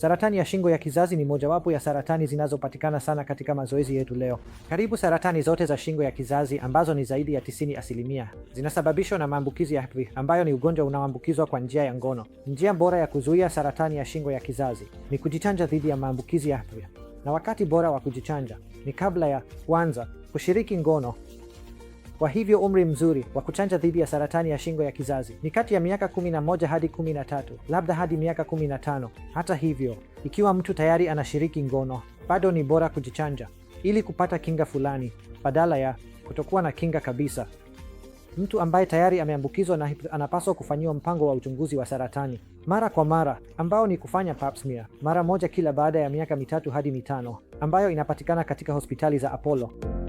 Saratani ya shingo ya kizazi ni mojawapo ya saratani zinazopatikana sana katika mazoezi yetu leo. Karibu saratani zote za shingo ya kizazi ambazo ni zaidi ya tisini asilimia zinasababishwa na maambukizi ya HPV ambayo ni ugonjwa unaoambukizwa kwa njia ya ngono. Njia bora ya kuzuia saratani ya shingo ya kizazi ni kujichanja dhidi ya maambukizi ya HPV, na wakati bora wa kujichanja ni kabla ya kwanza kushiriki ngono kwa hivyo umri mzuri wa kuchanja dhidi ya saratani ya shingo ya kizazi ni kati ya miaka 11 hadi 13, labda hadi miaka 15. Hata hivyo, ikiwa mtu tayari anashiriki ngono, bado ni bora kujichanja ili kupata kinga fulani badala ya kutokuwa na kinga kabisa. Mtu ambaye tayari ameambukizwa na anapaswa kufanyiwa mpango wa uchunguzi wa saratani mara kwa mara ambao ni kufanya pap smear mara moja kila baada ya miaka mitatu hadi mitano ambayo inapatikana katika hospitali za Apollo.